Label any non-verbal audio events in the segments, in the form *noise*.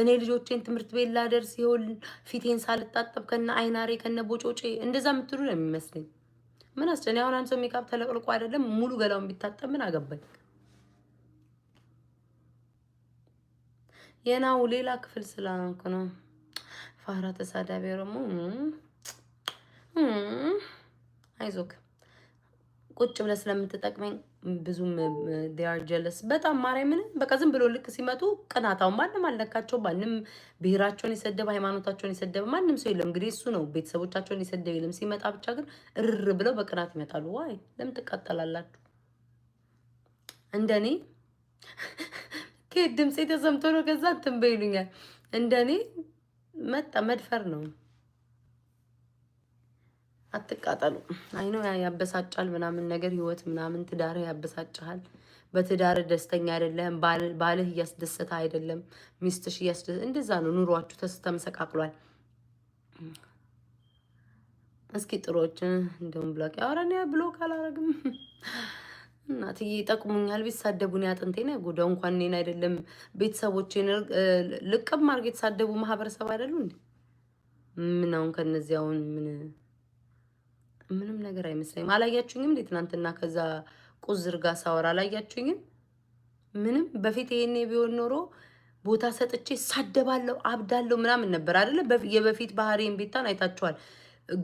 እኔ ልጆቼን ትምህርት ቤት ላደርስ ይሁን ፊቴን ሳልጣጠብ ከነ አይናሬ ከነ ቦጮጬ እንደዛ የምትሉ ነው የሚመስለኝ። ምን አስጨን አሁን አንድ ሰው ሜካፕ ተለቅልቆ አይደለም ሙሉ ገላውን ቢታጠብ ምን አገባኝ? የናው ሌላ ክፍል ስላንኩ ነው። ፋራ ተሳዳቢ ኦሮሞ አይዞክ ቁጭ ብለህ ስለምትጠቅመኝ ብዙም ዲያር ጀለስ በጣም ማርያምን በቃ ዝም ብሎ ልክ ሲመጡ ቅናታው ማንም አልነካቸው። ማንም ብሔራቸውን የሰደበ ሃይማኖታቸውን የሰደበ ማንም ሰው የለም። እንግዲህ እሱ ነው ቤተሰቦቻቸውን የሰደበ የለም። ሲመጣ ብቻ ግን እርር ብለው በቅናት ይመጣሉ። ዋይ ለምን ትቃጠላላችሁ? እንደኔ *laughs* ድምፄ ተሰምቶ ነው። ከዛ እንትን በይሉኛል። እንደኔ መጣ መድፈር ነው። አትቃጠሉ። አይ ነው ያበሳጫል፣ ምናምን ነገር ህይወት ምናምን ትዳር ያበሳጫል። በትዳር ደስተኛ አይደለም፣ ባልህ እያስደሰተ አይደለም፣ ሚስትሽ እያስደሰ እንደዛ ነው ኑሯችሁ ተስ እስኪ ጥሮች እንደውም ብሎክ ያወራኔ ብሎክ አላረግም እናትዬ ይጠቅሙኛል። ቢሳደቡን ነው ጉዳው እንኳን እኔን አይደለም ቤተሰቦቼን ልቅም አድርገው የተሳደቡ ማህበረሰብ አይደሉ እንዴ? ምን አሁን ከነዚያውን ምን ምንም ነገር አይመስለኝም። አላያችሁኝም እንዴ? ትናንትና ከዛ ቁዝር ጋር ሳወራ አላያችሁኝም? ምንም በፊት ይሄኔ ቢሆን ኖሮ ቦታ ሰጥቼ ሳደባለሁ፣ አብዳለሁ ምናምን ነበር አይደለ? የበፊት ባህሪን ቤታን አይታችኋል።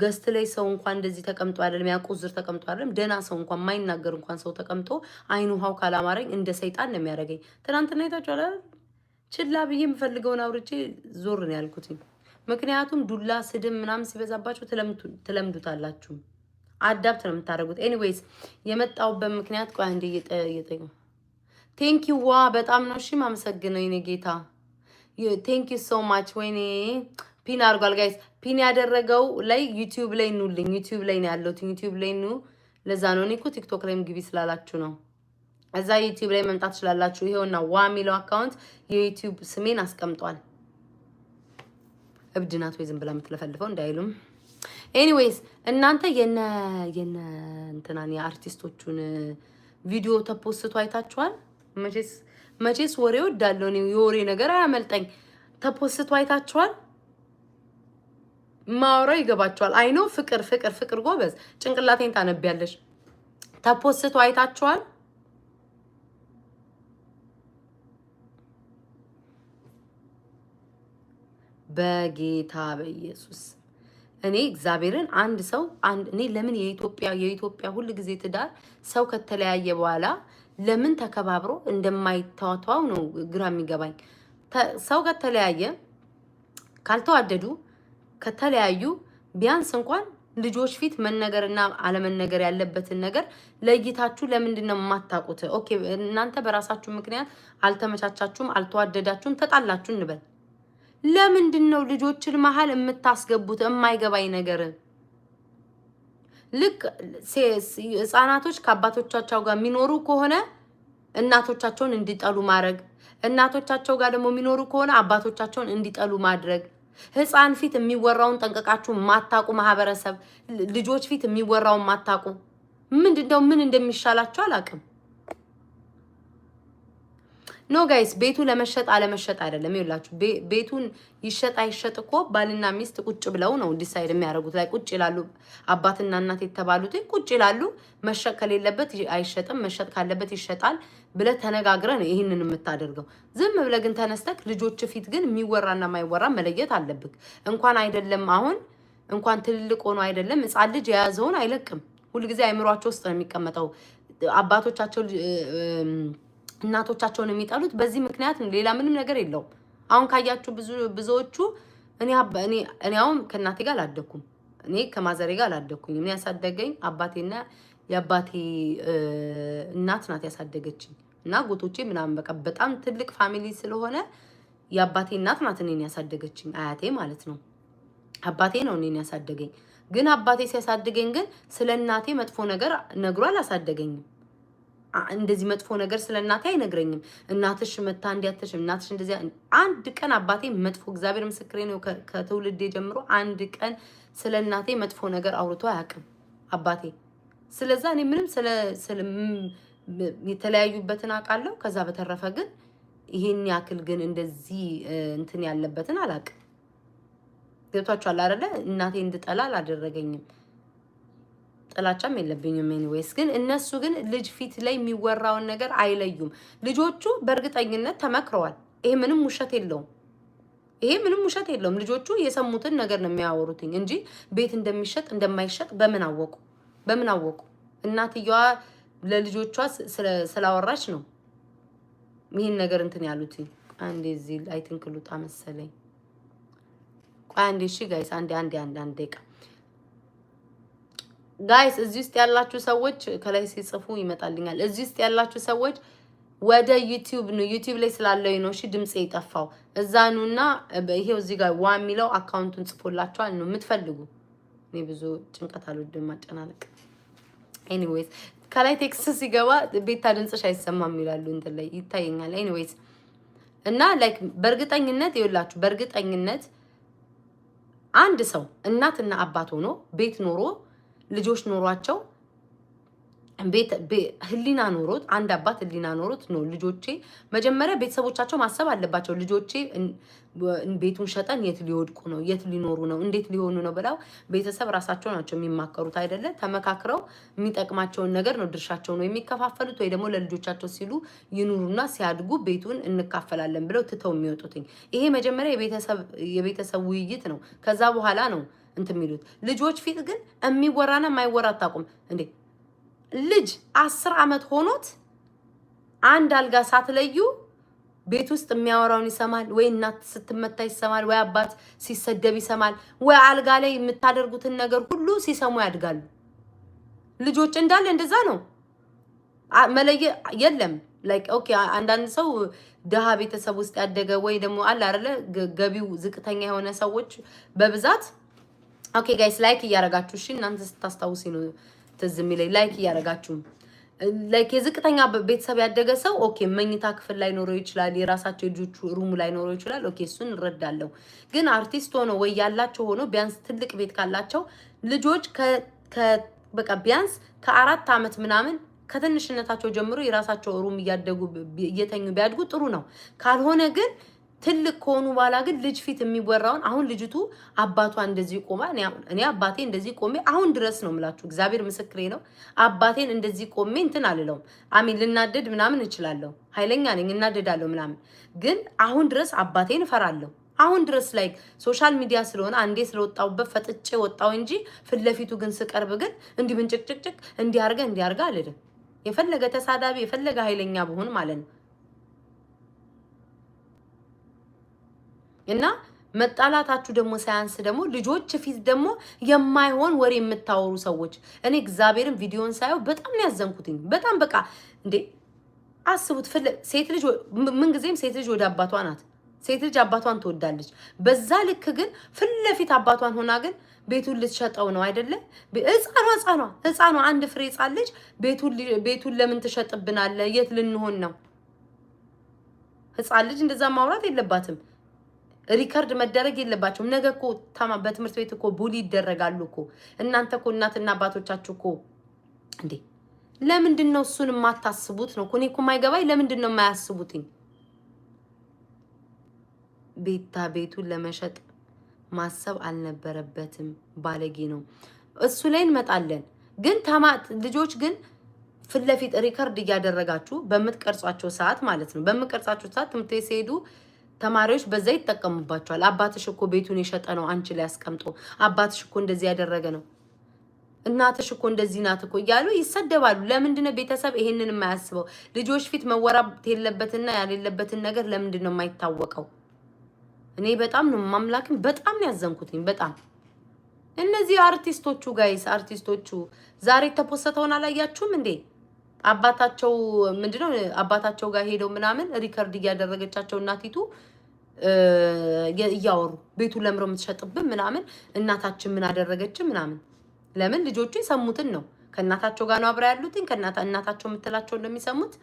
ገስት ላይ ሰው እንኳን እንደዚህ ተቀምጦ አይደለም ያ ቁዝር ተቀምጦ አይደለም ደህና ሰው እንኳን ማይናገር እንኳን ሰው ተቀምጦ አይኑ ውሃው ካላማረኝ እንደ ሰይጣን ነው የሚያደርገኝ። ትናንትና አይታችኋል። ችላ ብዬ የምፈልገውን አውርቼ ዞር ነው ያልኩትኝ። ምክንያቱም ዱላ፣ ስድብ ምናምን ሲበዛባቸው ትለምዱታላችሁ። አዳብት ነው የምታደርጉት። ኤኒዌይስ የመጣሁበት ምክንያት ቆይ አንዴ እየጠየጠኝ ቴንኪ ዋ በጣም ነው እሺ፣ ማመሰግነው የኔ ጌታ ቴንኪ ሶ ማች። ወይኔ ፒን አድርጓል ጋይስ። ፒን ያደረገው ላይ ዩቲዩብ ላይ ኑልኝ፣ ዩቲዩብ ላይ ነው ያለሁት። ዩቲዩብ ላይ ኑ። ለዛ ነው እኔ እኮ ቲክቶክ ላይም ግቢ ስላላችሁ ነው። እዛ ዩቲዩብ ላይ መምጣት ትችላላችሁ። ይሄውና ዋ የሚለው አካውንት የዩቲዩብ ስሜን አስቀምጧል። እብድ ናት ወይ ዝም ብላ የምትለፈልፈው እንዳይሉም። ኤኒዌይስ እናንተ የነ የነ እንትናን የአርቲስቶቹን ቪዲዮ ተፖስቶ አይታችኋል? መቼስ መቼስ ወሬ ወዳለው እኔ የወሬ ነገር አያመልጠኝ። ተፖስቶ አይታችኋል? ማውራው ይገባችኋል። አይኖ ፍቅር ፍቅር ፍቅር ጎበዝ፣ ጭንቅላቴን ታነቢያለሽ። ተፖስቶ አይታችኋል? በጌታ በኢየሱስ እኔ እግዚአብሔርን አንድ ሰው እኔ ለምን የኢትዮጵያ የኢትዮጵያ ሁል ጊዜ ትዳር ሰው ከተለያየ በኋላ ለምን ተከባብሮ እንደማይተዋተዋው ነው ግራ የሚገባኝ። ሰው ከተለያየ ካልተዋደዱ ከተለያዩ ቢያንስ እንኳን ልጆች ፊት መነገርና አለመነገር ያለበትን ነገር ለይታችሁ ለምንድን ነው የማታውቁት? ኦኬ እናንተ በራሳችሁ ምክንያት አልተመቻቻችሁም፣ አልተዋደዳችሁም፣ ተጣላችሁ እንበል ለምንድን ነው ልጆችን መሀል የምታስገቡት? የማይገባኝ ነገር ልክ ህጻናቶች ከአባቶቻቸው ጋር የሚኖሩ ከሆነ እናቶቻቸውን እንዲጠሉ ማድረግ፣ እናቶቻቸው ጋር ደግሞ የሚኖሩ ከሆነ አባቶቻቸውን እንዲጠሉ ማድረግ፣ ህፃን ፊት የሚወራውን ጠንቀቃችሁ ማታቁ ማህበረሰብ፣ ልጆች ፊት የሚወራውን ማታቁ ምንድን ነው? ምን እንደሚሻላቸው አላውቅም። ኖ ጋይስ ቤቱ ለመሸጥ አለመሸጥ አይደለም። ይላችሁ ቤቱን ይሸጥ አይሸጥ እኮ ባልና ሚስት ቁጭ ብለው ነው ዲሳይድ የሚያደርጉት። ላይ ቁጭ ይላሉ፣ አባትና እናት የተባሉት ቁጭ ይላሉ። መሸጥ ከሌለበት አይሸጥም፣ መሸጥ ካለበት ይሸጣል ብለ ተነጋግረ ነው ይህንን የምታደርገው። ዝም ብለ ግን ተነስተክ ልጆች ፊት ግን የሚወራና የማይወራ መለየት አለብህ። እንኳን አይደለም አሁን እንኳን ትልልቅ ሆኖ አይደለም ሕፃን ልጅ የያዘውን አይለቅም። ሁልጊዜ አይምሯቸው ውስጥ ነው የሚቀመጠው አባቶቻቸው እናቶቻቸውን የሚጠሉት በዚህ ምክንያት ነው። ሌላ ምንም ነገር የለውም። አሁን ካያችሁ ብዙዎቹ እኔ አሁን ከእናቴ ጋር አላደኩም። እኔ ከማዘሬ ጋር አላደኩኝ። እኔ ያሳደገኝ አባቴና የአባቴ እናት ናት ያሳደገችኝ እና ጎቶቼ ምናምን በቃ በጣም ትልቅ ፋሚሊ ስለሆነ የአባቴ እናት ናት እኔን ያሳደገችኝ፣ አያቴ ማለት ነው። አባቴ ነው እኔን ያሳደገኝ። ግን አባቴ ሲያሳድገኝ ግን ስለ እናቴ መጥፎ ነገር ነግሮ አላሳደገኝም። እንደዚህ መጥፎ ነገር ስለ እናቴ አይነግረኝም። እናትሽ መታ እንዲያተሽ እናትሽ እንደዚህ አንድ ቀን አባቴ መጥፎ እግዚአብሔር ምስክሬ ነው። ከትውልዴ ጀምሮ አንድ ቀን ስለ እናቴ መጥፎ ነገር አውርቶ አያውቅም አባቴ። ስለዛ እኔ ምንም የተለያዩበትን አውቃለሁ። ከዛ በተረፈ ግን ይሄን ያክል ግን እንደዚህ እንትን ያለበትን አላውቅም። ገብቷችኋል አይደለ? እናቴ እንድጠላ አላደረገኝም። ጥላቻም የለብኝም። ኤኒዌይስ ግን እነሱ ግን ልጅ ፊት ላይ የሚወራውን ነገር አይለዩም። ልጆቹ በእርግጠኝነት ተመክረዋል። ይሄ ምንም ውሸት የለውም። ይሄ ምንም ውሸት የለውም። ልጆቹ የሰሙትን ነገር ነው የሚያወሩትኝ እንጂ ቤት እንደሚሸጥ እንደማይሸጥ በምን አወቁ? በምን አወቁ? እናትየዋ ለልጆቿ ስላወራች ነው ይህን ነገር እንትን ያሉት። አንዴ እዚህ አይትንክሉጣ መሰለኝ። ቆይ አንዴ፣ እሺ ጋይስ፣ አንዴ አንዴ አንዴ አንዴ ጋይስ እዚህ ውስጥ ያላችሁ ሰዎች ከላይ ሲጽፉ ይመጣልኛል። እዚህ ውስጥ ያላችሁ ሰዎች ወደ ዩቲዩብ ነው፣ ዩቲዩብ ላይ ስላለው ነው። እሺ ድምጽ የጠፋው እዛ ኑና፣ ይሄው እዚህ ጋር ዋ የሚለው አካውንቱን ጽፎላችኋል ነው የምትፈልጉ። እኔ ብዙ ጭንቀት አልወድም ማጨናነቅ። ኤኒዌይስ ከላይ ቴክስት ሲገባ ቤታ ድምጽሽ አይሰማም ይላሉ እንትን ላይ ይታየኛል። ኤኒዌይስ እና ላይክ በእርግጠኝነት ይኸውላችሁ፣ በእርግጠኝነት አንድ ሰው እናትና አባት ሆኖ ቤት ኖሮ ልጆች ኖሯቸው ህሊና ኖሮት አንድ አባት ህሊና ኖሮት ነው። ልጆቼ መጀመሪያ ቤተሰቦቻቸው ማሰብ አለባቸው። ልጆቼ ቤቱን ሸጠን የት ሊወድቁ ነው? የት ሊኖሩ ነው? እንዴት ሊሆኑ ነው? ብለው ቤተሰብ ራሳቸው ናቸው የሚማከሩት አይደለ? ተመካክረው የሚጠቅማቸውን ነገር ነው ድርሻቸው ነው የሚከፋፈሉት፣ ወይ ደግሞ ለልጆቻቸው ሲሉ ይኑሩና ሲያድጉ ቤቱን እንካፈላለን ብለው ትተው የሚወጡትኝ። ይሄ መጀመሪያ የቤተሰብ ውይይት ነው። ከዛ በኋላ ነው እንትን የሚሉት ልጆች ፊት ግን የሚወራና የማይወራ አታውቁም እንዴ? ልጅ አስር ዓመት ሆኖት አንድ አልጋ ሳትለዩ ቤት ውስጥ የሚያወራውን ይሰማል ወይ እናት ስትመታ ይሰማል ወይ አባት ሲሰደብ ይሰማል ወይ አልጋ ላይ የምታደርጉትን ነገር ሁሉ ሲሰሙ ያድጋሉ። ልጆች እንዳለ እንደዛ ነው። መለየ የለም ላይክ ኦኬ አንዳንድ ሰው ድሃ ቤተሰብ ውስጥ ያደገ ወይ ደግሞ አለ አይደለ ገቢው ዝቅተኛ የሆነ ሰዎች በብዛት ኦኬ ጋይስ ላይክ እያደረጋችሁ እሺ፣ እናንተ ስታስታውሲ ነው ትዝ የሚለኝ። ላይክ እያረጋችሁ ላይክ የዝቅተኛ ቤተሰብ ያደገ ሰው ኦኬ፣ መኝታ ክፍል ላይኖረው ይችላል፣ የራሳቸው የልጆቹ ሩሙ ላይኖረው ይችላል። ኦኬ፣ እሱን እንረዳለሁ። ግን አርቲስት ሆኖ ወይ ያላቸው ሆኖ ቢያንስ ትልቅ ቤት ካላቸው ልጆች በቃ ቢያንስ ከአራት ዓመት ምናምን ከትንሽነታቸው ጀምሮ የራሳቸው ሩም እያደጉ እየተኙ ቢያድጉ ጥሩ ነው። ካልሆነ ግን ትልቅ ከሆኑ በኋላ ግን ልጅ ፊት የሚወራውን አሁን ልጅቱ አባቷ እንደዚህ ቆማ እኔ አባቴ እንደዚህ ቆሜ አሁን ድረስ ነው የምላችሁ፣ እግዚአብሔር ምስክሬ ነው። አባቴን እንደዚህ ቆሜ እንትን አልለውም። አሜን ልናደድ ምናምን እችላለሁ፣ ኃይለኛ ነኝ፣ እናደዳለሁ ምናምን። ግን አሁን ድረስ አባቴን እፈራለሁ። አሁን ድረስ ላይ ሶሻል ሚዲያ ስለሆነ አንዴ ስለወጣሁበት ፈጥጬ ወጣው እንጂ ፊት ለፊቱ ግን ስቀርብ ግን እንዲህ ብንጭቅጭቅጭቅ እንዲያርገ እንዲያርገ አልልም። የፈለገ ተሳዳቢ የፈለገ ኃይለኛ ብሆን ማለት ነው እና መጣላታችሁ ደግሞ ሳያንስ ደግሞ ልጆች ፊት ደግሞ የማይሆን ወሬ የምታወሩ ሰዎች፣ እኔ እግዚአብሔርን ቪዲዮን ሳየው በጣም ነው ያዘንኩትኝ። በጣም በቃ እንዴ አስቡት። ሴት ልጅ ምንጊዜም ሴት ልጅ ወደ አባቷ ናት። ሴት ልጅ አባቷን ትወዳለች። በዛ ልክ ግን ፊት ለፊት አባቷን ሆና ግን ቤቱን ልትሸጠው ነው አይደለም? ህፃኗ ህፃኗ ህፃኗ አንድ ፍሬ ህፃን ልጅ ቤቱን ለምን ትሸጥብናለ? የት ልንሆን ነው? ህፃን ልጅ እንደዛ ማውራት የለባትም። ሪከርድ መደረግ የለባቸውም። ነገ እኮ በትምህርት ቤት እኮ ቡሊ ይደረጋሉ እኮ እናንተ እኮ እናትና አባቶቻችሁ እኮ እንዴ ለምንድን ነው እሱን የማታስቡት? ነው እኔ እኮ ማይገባኝ ለምንድን ነው የማያስቡትኝ? ቤታ ቤቱን ለመሸጥ ማሰብ አልነበረበትም። ባለጌ ነው። እሱ ላይ እንመጣለን። ግን ተማት ልጆች ግን ፊት ለፊት ሪከርድ እያደረጋችሁ በምትቀርጿቸው ሰዓት ማለት ነው በምትቀርጻቸው ሰዓት ትምህርት ቤት ሲሄዱ ተማሪዎች በዛ ይጠቀሙባቸዋል። አባትሽ እኮ ቤቱን የሸጠ ነው አንቺ ላይ አስቀምጦ፣ አባትሽ እኮ እንደዚህ ያደረገ ነው፣ እናትሽ እኮ እንደዚህ ናት እኮ እያሉ ይሰደባሉ። ለምንድነው ቤተሰብ ይሄንን የማያስበው? ልጆች ፊት መወራት የለበትና ያሌለበትን ነገር ለምንድን ነው የማይታወቀው? እኔ በጣም ነው ማምላክም በጣም ያዘንኩትኝ። በጣም እነዚህ አርቲስቶቹ ጋይስ አርቲስቶቹ ዛሬ ተፖሰተውን አላያችሁም እንዴ? አባታቸው ምንድነው አባታቸው ጋር ሄደው ምናምን ሪከርድ እያደረገቻቸው እናቲቱ እያወሩ ቤቱ ለምሮ የምትሸጥብን ምናምን እናታችን ምን አደረገችን ምናምን። ለምን ልጆቹ የሰሙትን ነው ከእናታቸው ጋር ነው አብራ ያሉትን እናታቸው የምትላቸው እንደሚሰሙት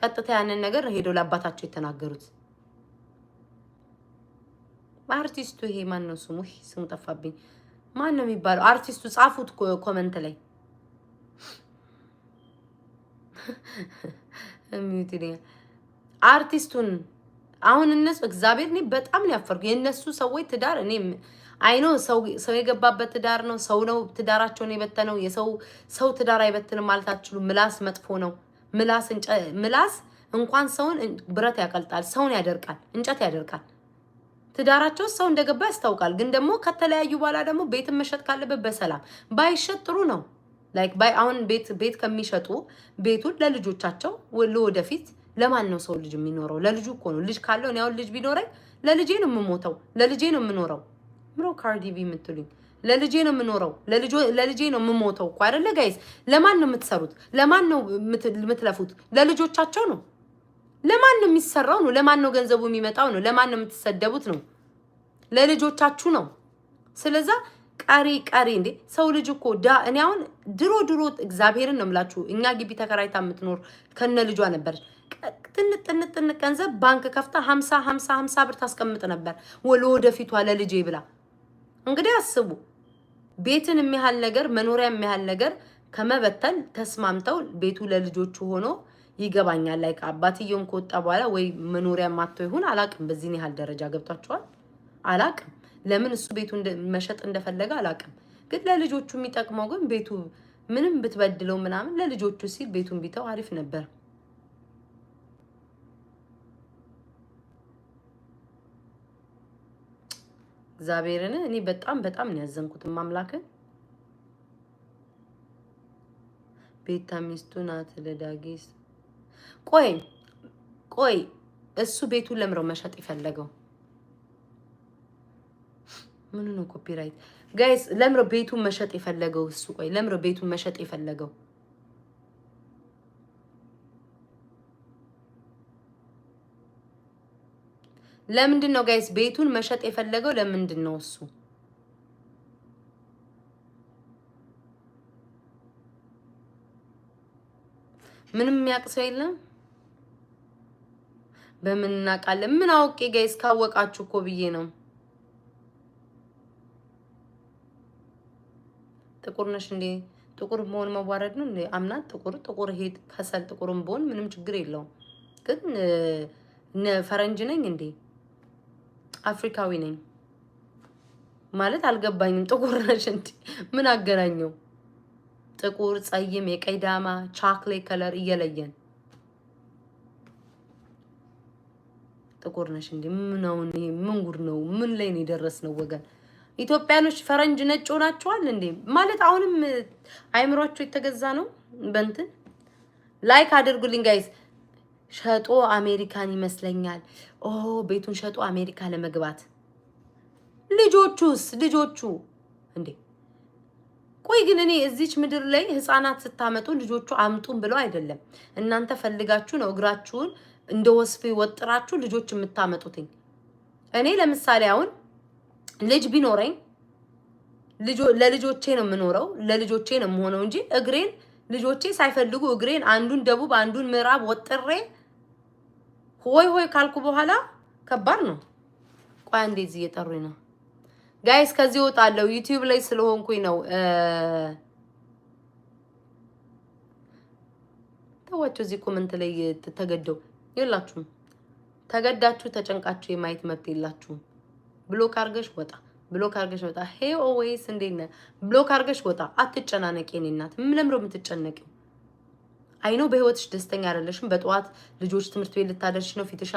ቀጥታ ያንን ነገር ሄደው ለአባታቸው የተናገሩት። አርቲስቱ ይሄ ማን ነው ስሙ? ስሙ ጠፋብኝ። ማን ነው የሚባለው አርቲስቱ? ጻፉት ኮመንት ላይ *laughs* አርቲስቱን አሁን እነሱ እግዚአብሔር እኔ በጣም ሊያፈርጉ ያፈርኩ። የእነሱ ሰዎች ትዳር እኔ አይኖ ሰው የገባበት ትዳር ነው። ሰው ነው ትዳራቸውን የበተነው። የሰው ሰው ትዳር አይበትንም ማለት አትችሉ። ምላስ መጥፎ ነው። ምላስ ምላስ እንኳን ሰውን ብረት ያቀልጣል፣ ሰውን ያደርቃል፣ እንጨት ያደርቃል። ትዳራቸው ሰው እንደገባ ያስታውቃል። ግን ደግሞ ከተለያዩ በኋላ ደግሞ ቤትን መሸጥ ካለበት በሰላም ባይሸጥ ጥሩ ነው። ላይክ ባይ አሁን ቤት ቤት ከሚሸጡ ቤቱን ለልጆቻቸው ለወደፊት ለማን ነው ሰው ልጅ የሚኖረው? ለልጁ እኮ ነው። ልጅ ካለው እኔ አሁን ልጅ ቢኖረኝ ለልጄ ነው የምሞተው፣ ለልጄ ነው የምኖረው። ምሮ ቢ የምትሉኝ ለልጄ ነው የምኖረው፣ ለልጄ ነው የምሞተው እኮ አይደለ ጋይስ? ለማን ነው የምትሰሩት? ለማን ነው የምትለፉት? ለልጆቻቸው ነው። ለማን ነው የሚሰራው ነው? ለማን ነው ገንዘቡ የሚመጣው ነው? ለማን ነው የምትሰደቡት ነው? ለልጆቻችሁ ነው። ስለዛ ቀሪ ቀሪ እንዴ ሰው ልጅ እኮ ዳ እኔ አሁን ድሮ ድሮ እግዚአብሔርን ነው የምላችሁ እኛ ግቢ ተከራይታ የምትኖር ከነ ልጇ ነበረች። ጥንጥ ገንዘብ ባንክ ከፍታ ሀምሳ ሀምሳ ሀምሳ ብር ታስቀምጥ ነበር ለወደፊቷ ለልጄ ብላ። እንግዲህ አስቡ ቤትን የሚያህል ነገር መኖሪያ የሚያህል ነገር ከመበተን ተስማምተው ቤቱ ለልጆቹ ሆኖ ይገባኛል ላይ አባትየውም ከወጣ በኋላ ወይ መኖሪያ ማቶ ይሁን አላቅም። በዚህን ያህል ደረጃ ገብቷቸዋል አላቅም። ለምን እሱ ቤቱ መሸጥ እንደፈለገ አላውቅም። ግን ለልጆቹ የሚጠቅመው ግን ቤቱ ምንም ብትበድለው ምናምን ለልጆቹ ሲል ቤቱን ቢተው አሪፍ ነበር። እግዚአብሔርን እኔ በጣም በጣም ነው ያዘንኩት። ማምላክን ቤታ ሚስቱ ናት ለዳጊስ። ቆይ ቆይ እሱ ቤቱን ለምረው መሸጥ የፈለገው ምኑ ነው ኮፒራይት? ጋይስ ለምሮ ቤቱን መሸጥ የፈለገው እሱ። ቆይ ለምሮ ቤቱን መሸጥ የፈለገው ለምንድን ነው ጋይስ? ቤቱን መሸጥ የፈለገው ለምንድን ነው እሱ? ምንም የሚያውቅ ሰው የለም። በምን እናውቃለን? ምን አውቄ ጋይስ? ካወቃችሁ እኮ ብዬ ነው። ጥቁር ነሽ እንዴ? ጥቁር መሆን መዋረድ ነው እንዴ? አምናት ጥቁር ጥቁር ሄድ ከሰል ጥቁርም በሆን ምንም ችግር የለውም። ግን ፈረንጅ ነኝ እንዴ? አፍሪካዊ ነኝ ማለት አልገባኝም። ጥቁር ነሽ እንዴ? ምን አገናኘው? ጥቁር ጸይም፣ የቀይ ዳማ፣ ቻክሌት ከለር እየለየን ጥቁር ነሽ እንዴ? ምን አሁን ምን ጉድ ነው? ምን ላይ ነው የደረስነው ወገን? ኢትዮጵያኖች ፈረንጅ ነጭ ሆናችኋል እንዴ? ማለት አሁንም አይምሯቸው የተገዛ ነው። በእንትን ላይክ አድርጉልኝ ጋይስ። ሸጦ አሜሪካን ይመስለኛል። ኦ ቤቱን ሸጦ አሜሪካ ለመግባት ልጆቹስ፣ ልጆቹ እንዴ! ቆይ ግን እኔ እዚች ምድር ላይ ህፃናት ስታመጡ ልጆቹ አምጡን ብለው አይደለም፣ እናንተ ፈልጋችሁ ነው እግራችሁን እንደ ወስፌ ወጥራችሁ ልጆች የምታመጡትኝ። እኔ ለምሳሌ አሁን ልጅ ቢኖረኝ ለልጆቼ ነው የምኖረው፣ ለልጆቼ ነው የምሆነው እንጂ እግሬን ልጆቼ ሳይፈልጉ እግሬን አንዱን ደቡብ አንዱን ምዕራብ ወጥሬ ሆይ ሆይ ካልኩ በኋላ ከባድ ነው። ቆይ አንዴ እዚህ እየጠሩኝ ነው ጋይስ። ከዚህ እወጣለሁ ዩቲዩብ ላይ ስለሆንኩኝ ነው። ተዋቸው። እዚህ ኮመንት ላይ ተገደው የላችሁም። ተገዳችሁ ተጨንቃችሁ የማየት መብት የላችሁም። ብሎክ አርገሽ ወጣ፣ ብሎክ አርገሽ ወጣ። ሄ ኦዌይስ እንዴት ነህ? ብሎክ አርገሽ ወጣ። አትጨናነቂ የኔ እናት። ምን ለምሮ የምትጨነቂው? አይኖ በህይወትሽ ደስተኛ አይደለሽም። በጠዋት ልጆች ትምህርት ቤት ልታደርሽ ነው ፊትሻል